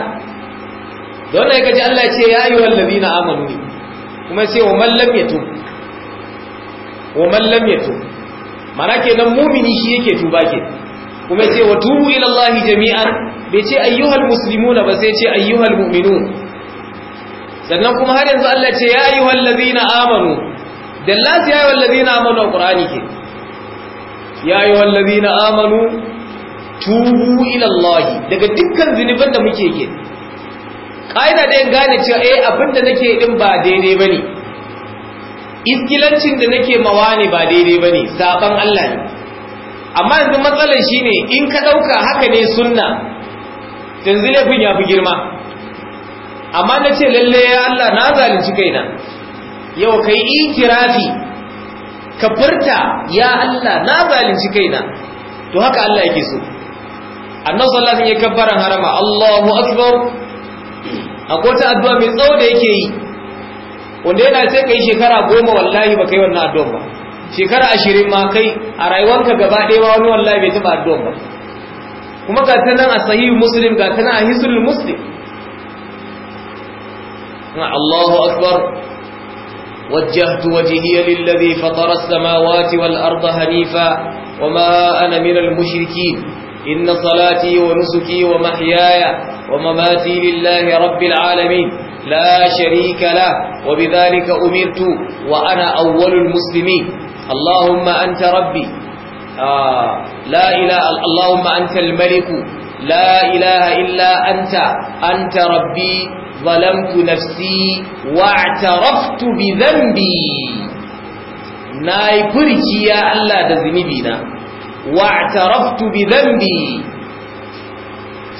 don ne kaji Allah ce ya ayyuhal ladina amanu kuma sai wa man lam yatub wa man lam yatub mana kenan mumini shi yake tuba kenan kuma ce wa tubu ila Allah jami'an bai ce ayyuhal muslimuna ba sai ce ayyuhal mu'minun sannan kuma har yanzu Allah ce ya ayyuhal ladina amanu dallas ya ayyuhal ladina amanu alqur'ani ke ya ayyuhal ladina amanu tubu ila Allah daga dukkan zinuban da muke ke kaida da gane cewa eh abinda nake din ba daidai bane iskilancin da nake mawani ba daidai bane saban Allah ne amma yanzu matsalar shi ne, in ka ɗauka haka ne sunna yanzu laifin ya fi girma amma na ce lalle ya Allah na zalunci kaina yau ka yi ikirafi ka furta ya Allah na zalunci kaina to haka Allah yake so annabi sallallahu alaihi wasallam ya kabbara harama Allahu akbar akwai ta addu'a mai tsawo da yake yi wanda yana ce kai shekara goma wallahi ba kai wannan addu'a ba shekara ashirin ma kai a rayuwanka gaba ɗaya ma wani wallahi bai taɓa addu'a ba kuma ga ta nan a sahihu muslim ga ta nan a hisulul muslim na Allahu akbar وجهت وجهي للذي فطر السماوات والأرض هنيفا وما أنا من المشركين إن صلاتي ونسكي ومحياي ومماتي لله رب العالمين لا شريك له وبذلك أمرت وأنا أول المسلمين اللهم أنت ربي لا إله اللهم أنت الملك لا إله إلا أنت أنت ربي ظلمت نفسي واعترفت بذنبي ناي كرشي يا الله دزنبينا واعترفت بذنبي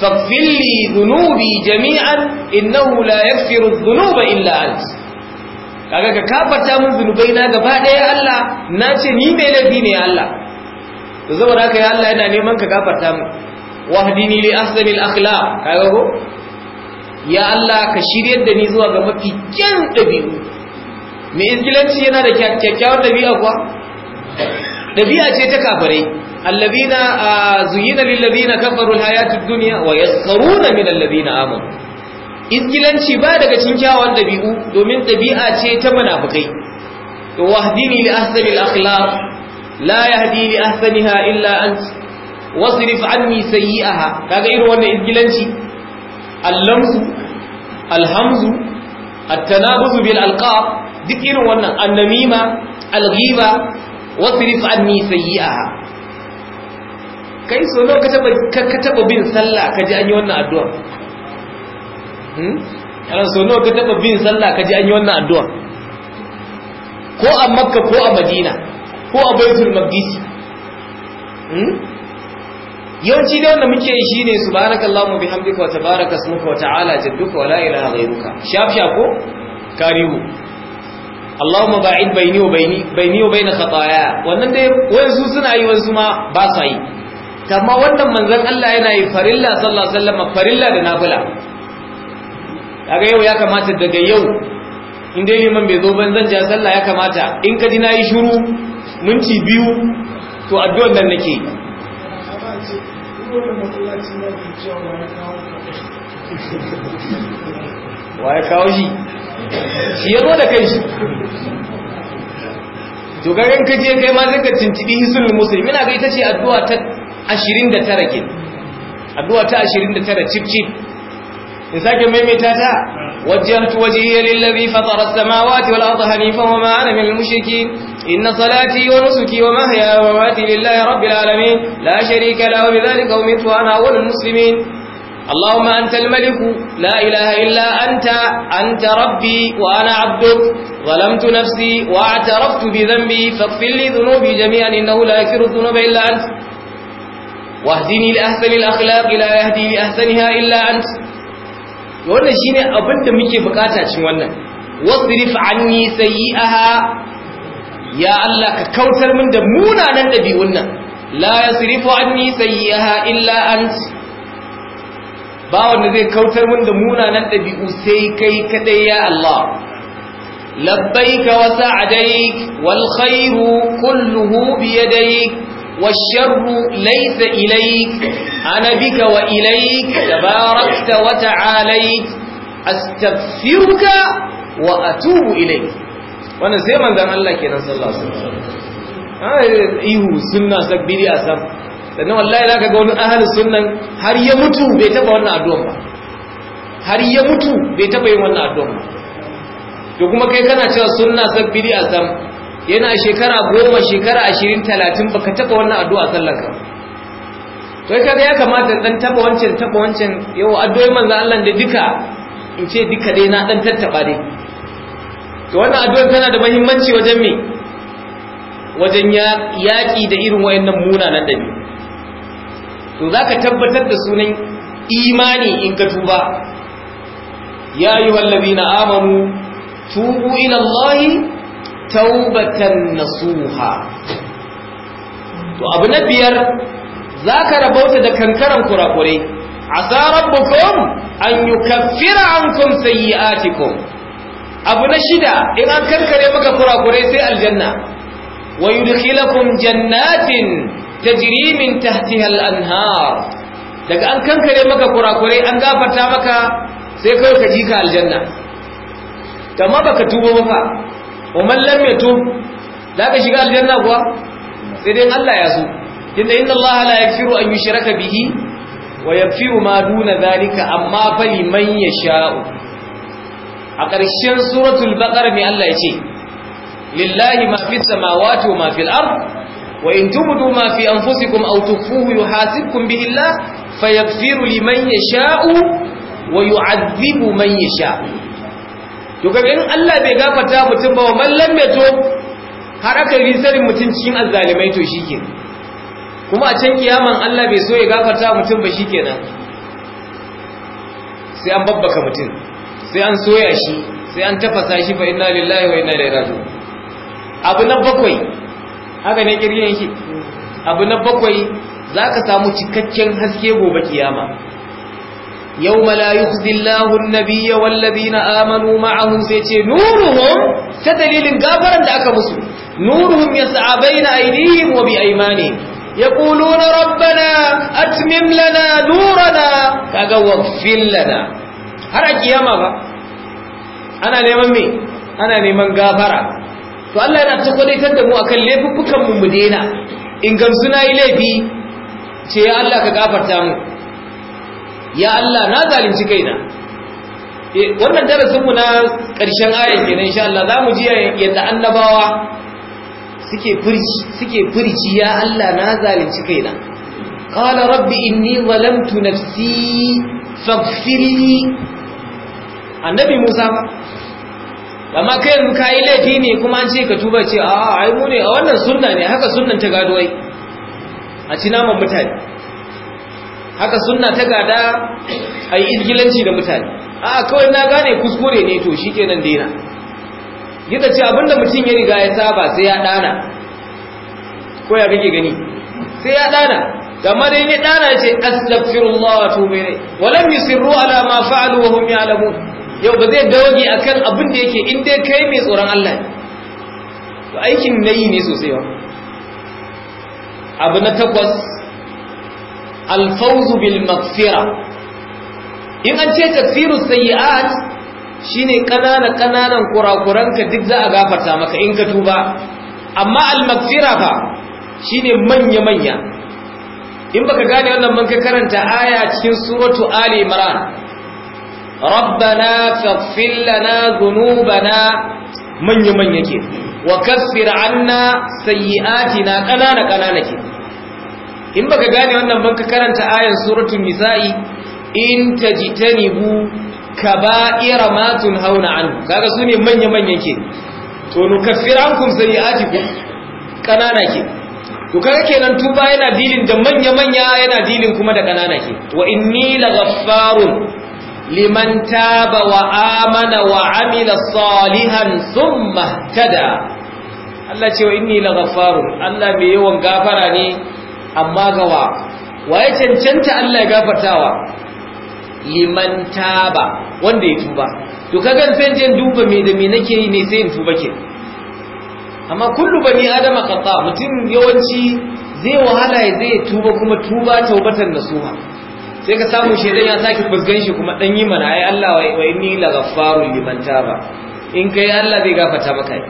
فاغفر لي ذنوبي جميعا إنه لا يغفر الذنوب إلا أنت kaga ka kafarta min zunubai na gaba ɗaya Allah na ce ni mai laifi ne Allah to saboda haka ya Allah yana neman ka kafarta min wahdini li ahsani al-akhlaq kaga ko ya Allah ka shiryar da ni zuwa ga mafi kyan dabi'u me izgilanci yana da kyakkyawar dabi'a kuwa dabi'a ce ta kafirai allazina zuyina lil ladina kafaru al-hayatid dunya wa yasquruna min al-ladina amanu izgilanci ba daga cikin kyawawan dabi'u domin dabi'a ce ta munafikai to wahdini li ahsani al-akhlaq la yahdi li ahsaniha illa ant wasrif anni sayyi'aha kaga irin wannan izgilanci allamzu alhamzu at-tanabuzu bil alqab duk irin wannan annamima alghiba wasrif anni sayyi'aha kai so lokacin ka taba bin sallah ka ji an yi wannan addu'a yana hmm? so nawa ka taɓa bin sallah ka ji an yi wannan addu'a ko a makka ko a madina ko a baitul maqdis hmm? yawanci da wanda muke yi shine subhanakallahumma bihamdika wa tabaraka ismuka wa ta'ala jadduka wa la ilaha ghayruka shaf shafo karibu Allahumma ba'id baini wa baini baini wa baina khataaya wannan dai wayansu suna yi wayansu ma ba sa yi amma wannan manzon Allah yana yi farilla sallallahu alaihi wasallam farilla da nafila kaga yau ya kamata daga yau in dai liman bai zo ban zan ja sallah ya kamata in ka ji na yi shiru minti biyu to addu'ar nan nake wa ya kawo shi shi ya zo da kai shi to ga ka je kai ma zaka ka cincidi hisulul muslim ina ga ita ce addu'a ta 29 ke addu'a ta 29 chip chip يسكي من متاتا وجهت وجهي للذي فطر السماوات والأرض هنيفا وما أنا من المشركين إن صلاتي ونسكي ومهيا ومماتي لله رب العالمين لا شريك له بذلك أمرت وأنا أول المسلمين اللهم أنت الملك لا إله إلا أنت أنت ربي وأنا عبدك ظلمت نفسي واعترفت بذنبي فاغفر لي ذنوبي جميعا إنه لا يكفر الذنوب إلا أنت واهدني لأحسن الأخلاق لا يهدي لأحسنها إلا أنت wannan shine abin da muke bukata cin wannan wasrif anni sayyi'aha ya Allah ka kautar min da munanan dabi'un nan la yasrifu anni sayyi'aha illa ant ba wanda zai kautar min da munanan dabi'u sai kai kadai ya Allah labbaika wa sa'adaik wal khairu kulluhu bi yadayk والشر ليس إليك أنا بك وإليك تباركت وتعاليت أستغفرك وأتوب إليك وانا زي من ذا الله كنا صلى الله عليه وسلم ihu sunna sabbiri a sam sannan wallahi za ka ga wani ahal sunnan har ya mutu bai taba wannan addu'an ba har ya mutu bai taba yin wannan addu'an ba to kuma kai kana cewa sunna sabbiri a yana shekara goma shekara ashirin talatin ba ka taɓa wannan addu'a ka to ya kada ya kamata dan taɓa wancan taɓa wancan yau addu'o'i manzan Allah da duka in ce duka dai na dan tattaɓa dai to wannan addu'ar tana da mahimmanci wajen me wajen yaƙi da irin wayan nan wayannan da dabi to za ka tabbatar da sunan imani in ka tuba ya yi wallabi na amanu tubu ila taubatan nasuha to abu na biyar za ka rabauta da kankaran kurakurai asa rabbukum an yukaffira ankum sayyi'atikum abu na shida in an kankare maka kurakurai sai aljanna wa yudkhilakum jannatin ta jirimin tahtiha al-anhar daga an kankare maka kurakurai an gafata maka sai kai ka ji ka aljanna amma baka tuba ba fa wa man lam da ka shiga aljanna kuwa sai dai Allah ya so inda inna Allah la yaghfiru an yushraka bihi wa yaghfiru ma duna zalika amma fa liman yasha'u a ƙarshen suratul baqara mai Allah ya ce lillahi ma fis samawati wa ma fusikum ard وإن تبدوا ما في أنفسكم أو تخفوه يحاسبكم به الله فيغفر لمن يشاء ويعذب من يشاء to kaga in Allah bai gafarta mutum ba wa lamme to har aka yi sarin mutum cikin azzalimai to shike kuma a can kiyaman Allah bai so ya gafarta mutum ba shikenan sai an babbaka mutum sai an soya shi sai an tafasa shi fa inna lillahi wa inna ilaihi raji'un abu na bakwai haka ne kirgin shi, abu na bakwai zaka samu cikakken haske gobe kiyama yau la yukhzi Allahu an-nabiyya wal amanu ma'ahu sai ce nuruhum ta dalilin gafaran da aka musu nuruhum yas'a baina aydihim wa bi aymanihim yaquluna rabbana atmim lana nurana kaga waghfir lana har a kiyama ba ana neman me ana neman gafara to Allah yana ta kwadaitar da mu akan laifukan mu mu daina in gamsu yi laifi ce Allah ka gafarta mu ya Allah na zalunci kaina eh, wannan darasin mu na karshen ayar kenan insha Allah mu ji yadda annabawa suke furci suke furci ya Allah na zalunci kaina qala rabbi inni zalamtu nafsi faghfirli annabi Musa ba amma kai mun kai laifi ne kuma an ce ka tuba ce a ai mu ne a wannan sunna ne haka sunnan ta gado ai a ci naman mutane haka sunna ta gada a yi ingilanci da mutane a kawai na gane kuskure ne to shi kenan daina yadda ce abinda mutum ya riga ya saba sai ya dana ko ya kake gani sai ya dana gama dai yi dana ce astaghfirullah mawa to mere wa lam ala ma fa'alu wa hum alamu yau ba zai doge akan abin da yake in dai kai mai tsoron Allah to aikin nayi ne sosai ba abu na takwas alfauzu bil maghfira in an ce kafiru sayyi'at shine kanana kananan kurakuranka duk za a gafarta maka in ka tuba amma al maghfira fa shine manya manya in baka gane wannan man ka karanta aya cikin suratu ali imran rabbana faghfir lana dhunubana manya manya ke wa kaffir anna sayyi'atina kanana kanana ke in baka gane wannan ban ka karanta ayan suratul nisa'i in tajtanibu kaba'ira matun hauna an kaga sune manya manyan ke to nukaffirankum ku kanana ke to kaga kenan tuba yana dilin da manya manya yana dilin kuma da kanana ke wa inni laghaffarun liman taba wa amana wa amila salihan sun tada Allah ce wa inni laghaffarun Allah mai yawan gafara ne amma gawa waye cancanta Allah ya gafartawa liman taba wanda ya tuba to kaga sai jin duba me da me nake yi ne sai in tuba ke amma kullu bani adama qata mutum yawanci zai wahala ya zai tuba kuma tuba taubatan nasuha sai ka samu shedan ya saki fusgan shi kuma dan yi mana ai Allah wa inni la ghaffarul liman taba in kai Allah zai gafarta maka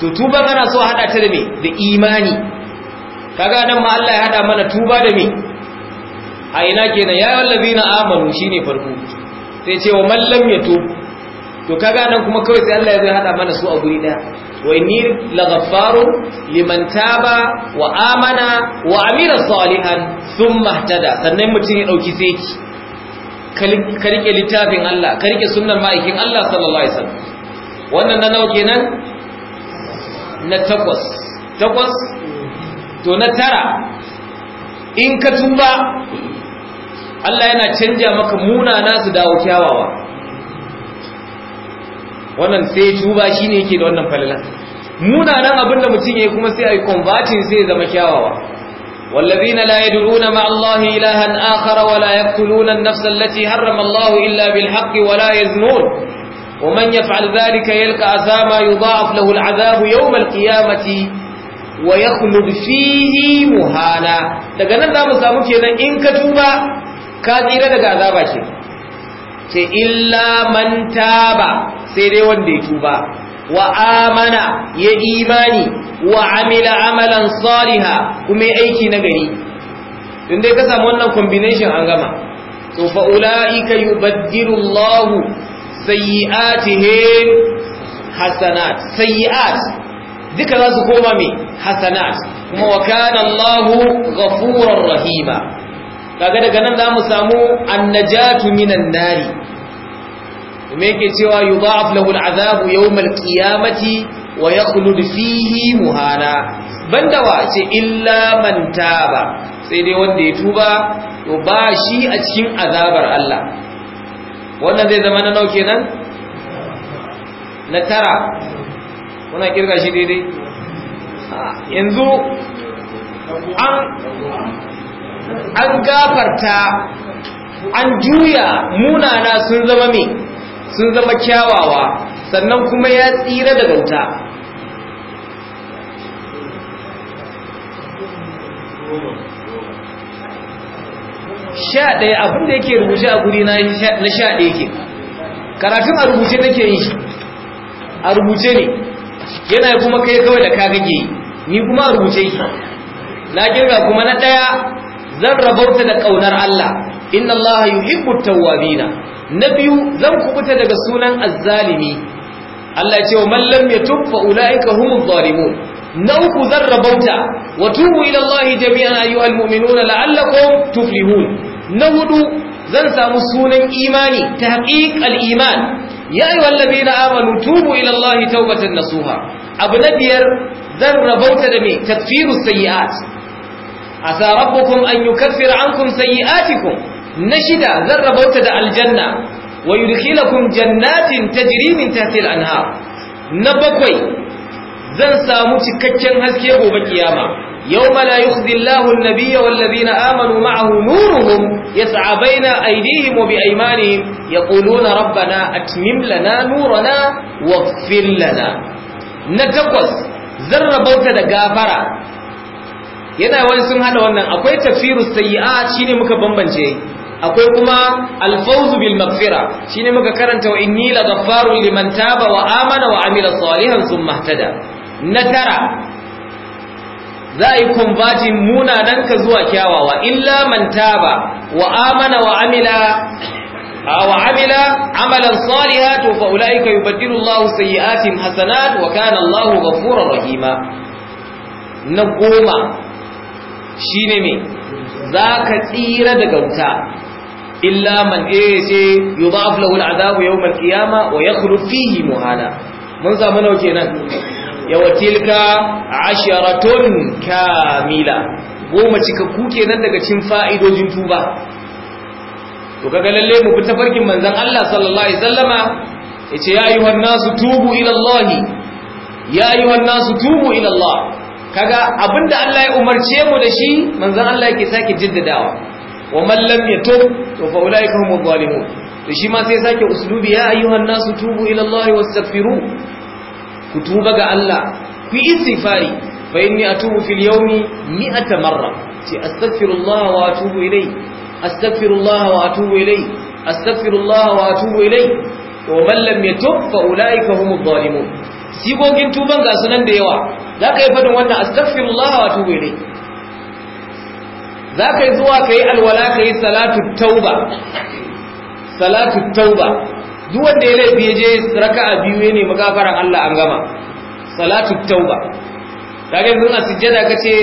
to tuba kana so hada ta da me da imani kaga nan ma Allah ya hada mana tuba da me a ina kenan ya wallazina amanu shine farko sai ce wa man lam yatub to kaga nan kuma kawai sai Allah ya zo hada mana su a guri daya wa inni laghaffaru liman taba wa amana wa amila salihan thumma ihtada sannan mutum ya dauki sai ka rike littafin Allah ka rike sunnar ma'aikin Allah sallallahu alaihi wasallam wannan na nawa kenan na takwas takwas to na tara in ka tuba Allah yana canja maka muna nasu dawo kyawawa wannan sai tuba shine yake da wannan falala nan abinda mutum yake kuma sai ai converting sai ya zama kyawawa والذين لا يدعون مع الله إلها آخر ولا يقتلون النفس التي حرم الله إلا بالحق ولا يزنون ومن يفعل ذلك يلقى عذابا يضاعف له العذاب يوم القيامة wa ya fihi muhana daga nan za mu samu kenan in ka tuba ka tsira daga azaba ke ce illa man taba sai dai wanda ya tuba wa amana ya imani wa amila amalan saliha kuma aiki na gari don dai ka samu wannan combination an gama so fa ulaika yubaddilu Allah sayyi'atihim hasanat sayyi'at duka za su koma mai hasanat kuma wa kana Allahu ghafurur rahima kaga daga nan za mu samu annajatu minan nari kuma yake cewa yudha'af lahu al'azabu yawm al-qiyamati wa yakhlud fihi muhana banda wa ce illa man taba sai dai wanda ya tuba to ba shi a cikin azabar Allah wannan zai zama na nauke nan na tara muna kirga shi daidai ah, yanzu an gafarta an juya munana sun zama mai sun zama kyawawa sannan kuma ya tsira da bauta sha ɗaya abinda yake rubuce a guri na sha ɗaya ke karatun a rubuce nake yi a rubuce ne yana kuma kai kawai da ka gage ni kuma a rubuce na girga kuma na ɗaya zan rabauta da ƙaunar Allah inna Allah yuhibbu tawwabina na biyu zan kubuta daga sunan azzalimi Allah ya ce wa man lam yatub fa ulaika humuz zalimun na uku zan rabauta wa tubu ila Allah jami'an ayyuhal mu'minuna la'allakum tuflihun na hudu zan samu sunan imani tahqiqal iman ya yi wallabi na amanu tubu ilallahi taubatan nasuha abu na biyar zan rabauta da mai tafiru sayi'at a sarabukun an yi kafir an kun na shida zan rabauta da aljanna wa yudkhilakun jannatin tajri min tahtil anha. na bakwai zan samu cikakken haske gobe kiyama يوم لا يخزي الله النبي والذين آمنوا معه نورهم يسعى بين أيديهم وبأيمانهم يقولون ربنا أتمم لنا نورنا واغفر لنا نتقص ذر بوتا دقافرة yana wani sun hada wannan akwai tafsirus sayyi'at shine muka bambance akwai kuma alfawzu bil maghfira shine muka karanta wa inni la ghaffarun liman taba wa amana wa amila salihan thumma ihtada na tara za a yi kumbatin munanan ka zuwa kyawawa illa man taba wa amana wa amila wa amila amalan salihan to fa ulaika yubaddilu Allahu Atin hasanat wa kana Allahu ghafurur rahima na goma shine me ka tsira daga wuta illa man eh, ace yudaf lahu azabu yawm al-qiyamah wa yakhlud fihi muhana mun samu nawa kenan yawa tilka asharatun kamila goma cikakku kenan daga cin fa'idojin tuba to kaga lalle mu fita farkin manzan Allah sallallahu alaihi wasallama yace ya wannan nasu tubu ila Allah ya wannan nasu tubu ila Allah kaga abinda Allah ya umarce mu da shi manzan Allah yake sake jiddadawa wa man lam yatub to fa ulaika humu zalimun to shi ma sai sake uslubi ya wannan nasu tubu ila Allah wastaghfiru ku tuba ga Allah ku istighfari fa inni atubu fil yawmi mi'ata marra ce astaghfirullah wa atubu ilai astaghfirullah wa atubu ilai astaghfirullah wa atubu ilai wa man lam yatub fa ulaika humud zalimun sigogin tuban ga sunan da yawa zaka yi fadin wannan astaghfirullah wa atubu ilai zaka yi zuwa kai alwala kai salatu tauba salatu tauba duk wanda ya laifi ya je raka'a biyu ya nemi Allah an gama salatu tauba kage yanzu a sujjada kace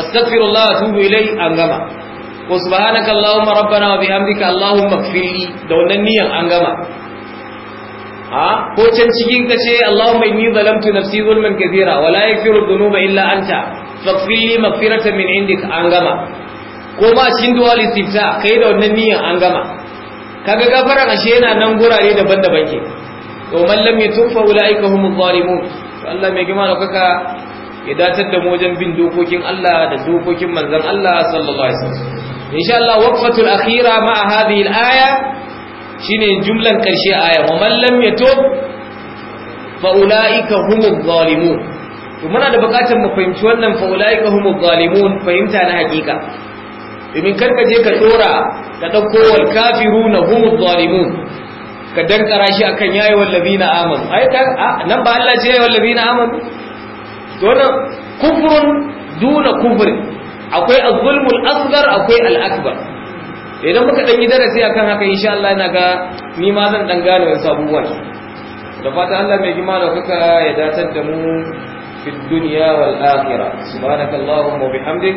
astaghfirullah tubu ilai an gama wa subhanaka allahumma rabbana wa bihamdika allahumma ighfirli da wannan niyan an gama ha ko can cikin kace allahumma inni zalamtu nafsi zulman kathira wa la yaghfiru dhunuba illa anta faghfirli maghfiratan min indika an gama ko ba cikin du'a istifta kai da wannan niyan an gama kaga gafaran ashe yana nan gurare daban-daban ke to man lam yatub fa ulaika humuz zalimun to Allah mai gima da kaka ya datar da mu wajen bin dokokin Allah da dokokin manzon Allah sallallahu alaihi wasallam insha Allah waqfatul akhira ma hadhihi al-aya shine jumlan karshe aya wa man lam yatub fa ulaika humuz zalimun to muna da bukatar mu fahimci wannan fa ulaika humuz zalimun fahimta na hakika domin karka je ka dora ka ɗauko wal kafiru na humul zalimun ka dankara shi akan yayi wallabi na aman nan ba Allah ce yayi wallabi na aman to wannan kufrun duna kufr akwai az-zulmul asghar akwai al-akbar idan muka dan yi darasi akan haka insha Allah ina ga ni ma zan dan gane wasu sabuwar. da fata Allah mai gima da kuka ya datar da mu في الدنيا والآخرة سبحانك اللهم وبحمدك